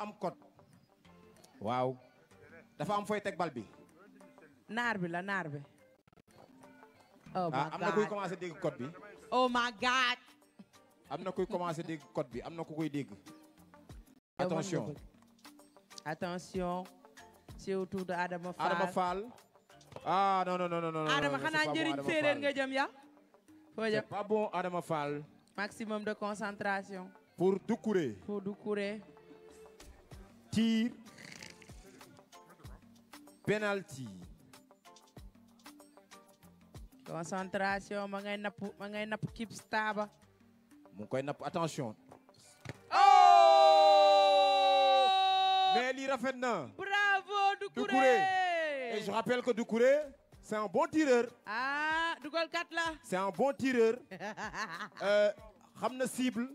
am code waaw dafa am fooy teg bal bi naar bi la naar bi oh ah, am na kuy commencé dégg cot bi oh am na kuy commencé dégg code bi am na ku koy dégg attention attention c'est autour de Adama Fall Adama Fall ah, xanaa njëriñ séeréer nga jëm ya foo jëm c'est bon Adama Fall maximum de concentration pour Doucouré pour tir penalty concentration ma ngay napp ma ngay napp kip staba mu koy napp attention oh mais lii rafet na bravo Doucouré et je rappelle que Doucouré c'est un bon tireur ah dugal kat la c'est un bon tireur euh, xam na cible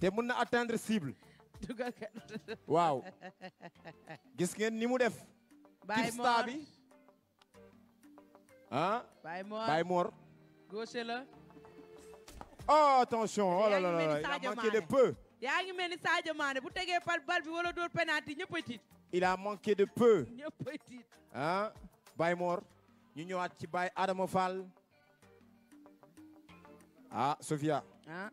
te mën na attendre cible dugal kat waaw gis ngeen ni mu def Baye Mor tipsta bi ah oh, attention oh il a manqué de peu yaa ngi mel ni Sadio Mané bu tegee par bal bi wala dóor penalty ñëpp a tiit il a manqué de peu ñëpp tiit ah Baye Mor ñu ñëwaat ci Baye Adama Fall ah Sofia ah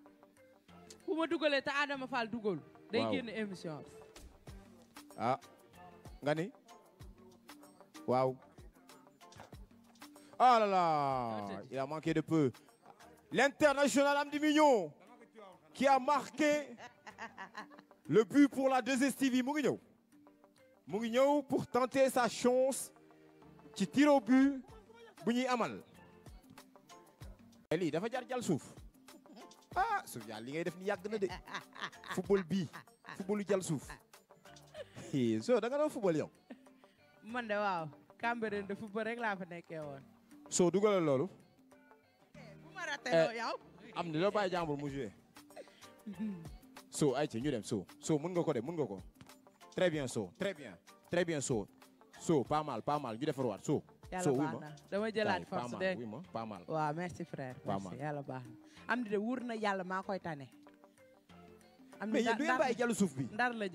fu dugalee te Adama Fall dugal day génn émission ah nga ni waaw ah là là il qui a marqué le but pour la 2STV mu ngi ñëw mu ngi ñëw pour tenter sa chance ci tir au bu ñuy amal eh, lii dafa jar jal suuf ah Sofiane li ngay def ni yàgg na de football bii footballu jal suuf eh, so da nga doon football yow. man de waaw Cambérène de football rek laa fa nekkee woon. soo dugalal loolu. bu eh, am na loo bàyyi jàmbur mu joué. so ay ci ñu dem so so mën nga ko de mën nga ko. très bien so très bien très bien so so pas mal pas mal ñu defarwaat so. yàlla baax na dama jëlaat force dégg nga pas mal waaw merci frère merci yàlla baax na am di de wóor na yàlla maa koy tane am mais yéen du ngeen bàyyi jalu suuf bi ndar la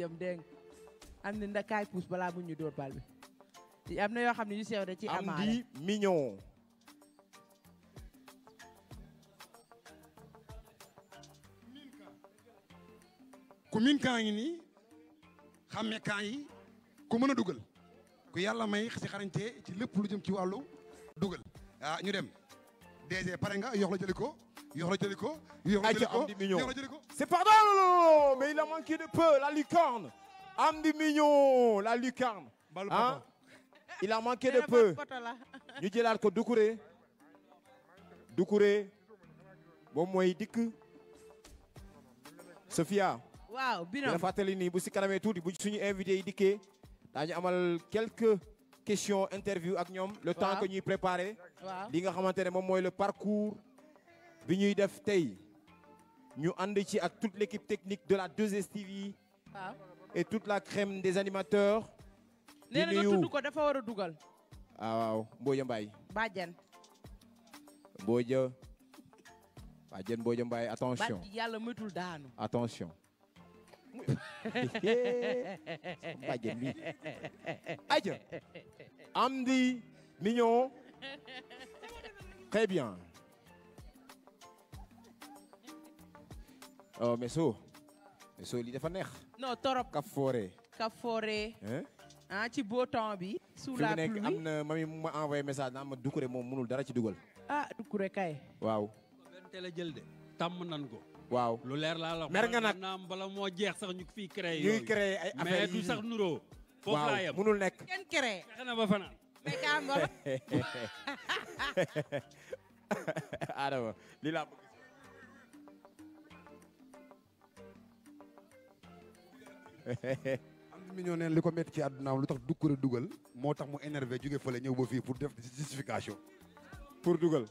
am ni nda kaay puus balaa mu ñu dóor bal bi am na yoo xam ne yu sew da ci amaale am di mignon ku min kaa ngi nii xàmme kaa ku mën a dugal ku yàlla may si xarañte ci lépp lu jëm ci wàllu dugal ah ñu dem DG pare nga yox la jëli ko yox la ko c'est pardon mais il a manqué de peu la lucarne Amdy Mignon la lucarne ah il a manqué de peu ñu jëlaat ko Doucouré Doucouré moom moy dikk Sophia waaw bi na bu si kanamee tuuti bu suñu invité yi dikkee daañu amal quelques questions interview ak ñoom. le temps que ñuy préparer. li nga xamante ne moom mooy le parcours bi ñuy def tey ñu ànd ci ak toute l' équipe technique de la 2STV. waaw et tout la crème des animateurs. nee na nga tudd ko dafa war a dugal. ah waaw Mbodia Mbaye. Badiane. Mbodia. Badiane Mbodia Mbaye attention. yàlla matul daanu. attention. muy bàjjen bi aja Amdi Mignon très bien oh Messo Messo lii dafa neex non torop ka foore ka foore ah, ci beau temps bi sous la pluie fi mu nekk am na mami mu ma envoyé message naa ma moom mënul dara ci dugal ah Doucouré kay waaw benn jël tàmm nan ko waaw lu leer laa la mer nga nag naam bala moo jeex sax ñu fii créé yooyu ñuy créé ay affaire mais sax nuroo foofu laa nekk kenn créé fexe na ba fanaan Adama lii laa bëgg am na millionnaire li ko métti ci àddunaam lu tax dukkure dugal moo tax mu énervé jóge fële ñëw ba fii pour def justification pour dugal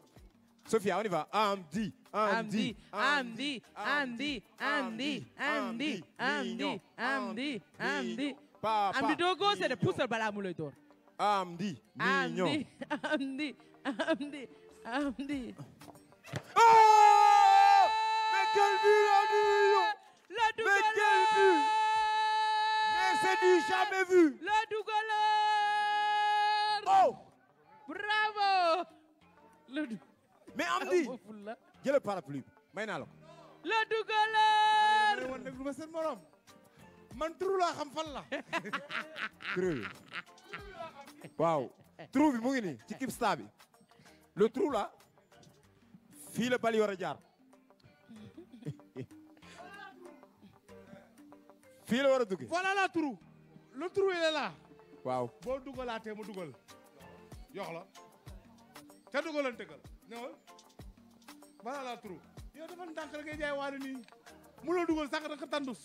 Sophia, on y va. Amdi, Amdi, Amdi, Amdi, Amdi, Amdi, Amdi, Amdi, Amdi. Papa. Amdi Dogo, c'est le pouce bala moule d'or. Amdi, Mignon. Amdi, Amdi, Amdi. Oh! Mais quel but, la Mignon! La Dougala! Mais quel but! Mais c'est du jamais vu! La Dougala! Oh! Bravo! Le Dougala! mais am di jëlal parapluie may naa la la dugalaar. wan nag lu ma morom. man turu laa xam fan la. waaw turu bi mu ngi nii ci Kipsta bi. le trou là fii la bali war a jaar fii la war a dugg. voilà la trou le trou waaw boo dugalaatee mu dugal. yox la te dugalante newal balaa laa turu yow dafa ndànk rek ngay jaay waale nii mënoo dugal tandus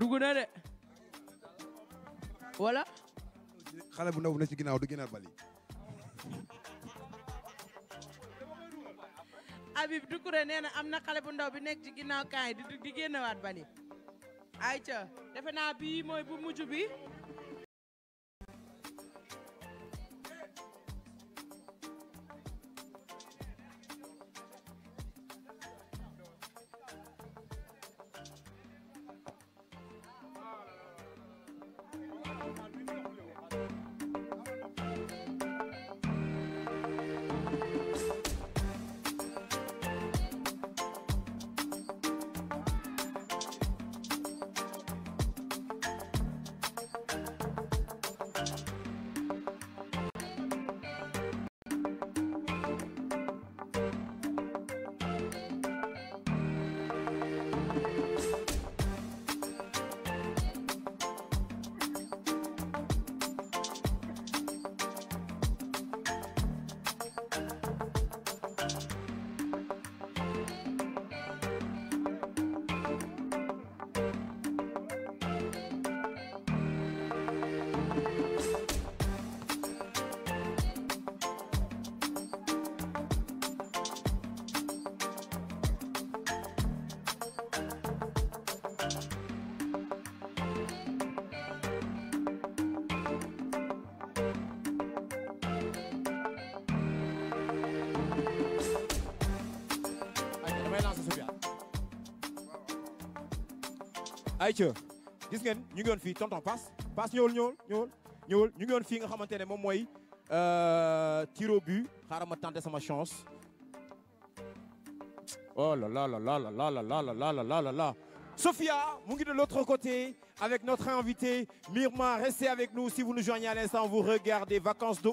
dugg de voilà xale bu ndaw bu ne ci ginnaaw du gënaat Habib Doucouré nee na am na xale bu bi nekk ci ginnaaw kaay di di génnewaat bali ayca defe naa bii mooy bu mujj bi ayca gis ngeen ñu ngi woon fii tonton paas paas ñëwul ñëwul ñëwul ñëwul ñu ngi woon fii nga xamante ne moom mooy tir au but xaaral ma tenté sama chance oh là là là là là là là là là là là Sophia mu ngi de l'autre côté avec notre invité Mirma restez avec nous si vous nous joignez à l'instant vous regardez Vacances de